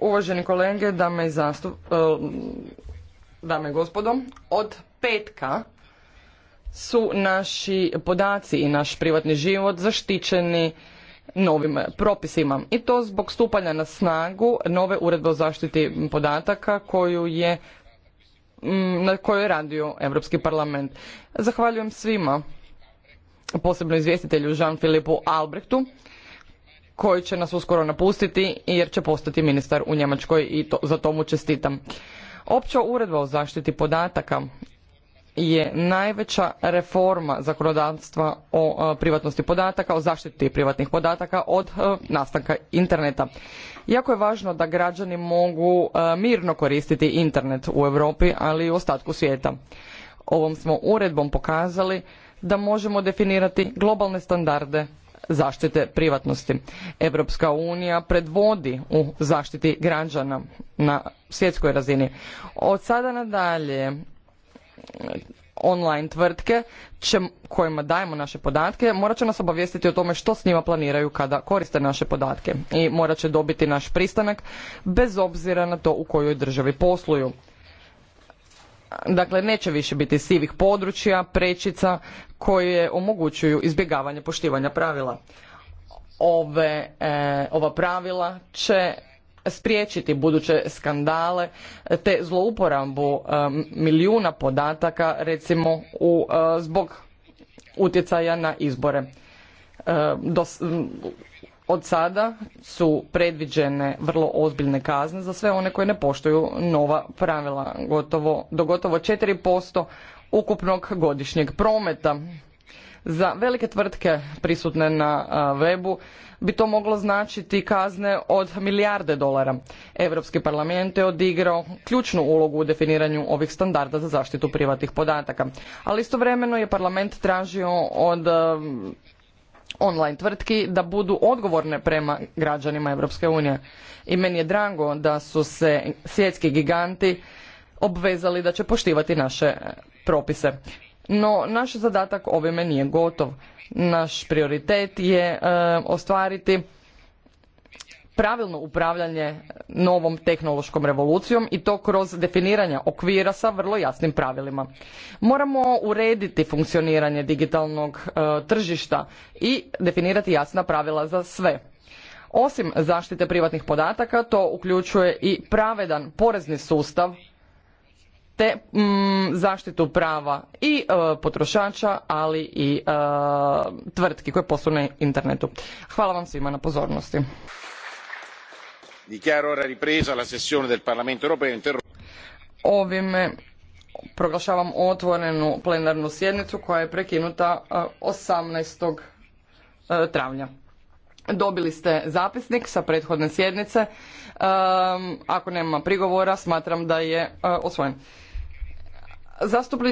uvaženi kolege, dame i, zastup, e, dame i gospodo. Od petka su naši podaci i naš privatni život zaštićeni novim propisima i to zbog stupanja na snagu nove uredbe o zaštiti podataka koju je na kojoj je radio Europski parlament. Zahvaljujem svima, posebno izvjestitelju Jean-Philippu Albrechtu, koji će nas uskoro napustiti jer će postati ministar u Njemačkoj i to, za to mu čestitam. Opća uredba o zaštiti podataka je najveća reforma zakonodavstva o e, privatnosti podataka, o zaštiti privatnih podataka od e, nastanka interneta. Jako je važno da građani mogu e, mirno koristiti internet u Europi, ali i u ostatku svijeta. Ovom smo uredbom pokazali da možemo definirati globalne standarde zaštite privatnosti. Europska unija predvodi u zaštiti građana na svjetskoj razini. Od sada nadalje eh, online tvrtke će, kojima dajemo naše podatke morat će nas obavijestiti o tome što s njima planiraju kada koriste naše podatke i morat će dobiti naš pristanak bez obzira na to u kojoj državi posluju. Dakle, neće više biti sivih područja, prečica koje omogućuju izbjegavanje poštivanja pravila. Ove, e, ova pravila će spriječiti buduće skandale te zlouporabu e, milijuna podataka recimo u, e, zbog utjecaja na izbore od sada su predviđene vrlo ozbiljne kazne za sve one koji ne poštuju nova pravila gotovo, do gotovo 4% ukupnog godišnjeg prometa. Za velike tvrtke prisutne na webu bi to moglo značiti kazne od milijarde dolara. Europski parlament je odigrao ključnu ulogu u definiranju ovih standarda za zaštitu privatnih podataka. Ali istovremeno je parlament tražio od online tvrtki da budu odgovorne prema građanima Europske unije. I meni je drago da su se svjetski giganti obvezali da će poštivati naše e, propise. No, naš zadatak ovime nije gotov. Naš prioritet je e, ostvariti pravilno upravljanje novom tehnološkom revolucijom i to kroz definiranje okvira sa vrlo jasnim pravilima. Moramo urediti funkcioniranje digitalnog e, tržišta i definirati jasna pravila za sve. Osim zaštite privatnih podataka, to uključuje i pravedan porezni sustav te mm, zaštitu prava i e, potrošača, ali i e, tvrtki koje posluju na internetu. Hvala vam svima na pozornosti dichiaro ora ovime eh, proglašavam otvorenu plenarnu sjednicu koja je prekinuta 18. Eh, eh, travnja. Dobili ste zapisnik sa prethodne sjednice. Ako nema prigovora, smatram da je osvojen. Zastupnici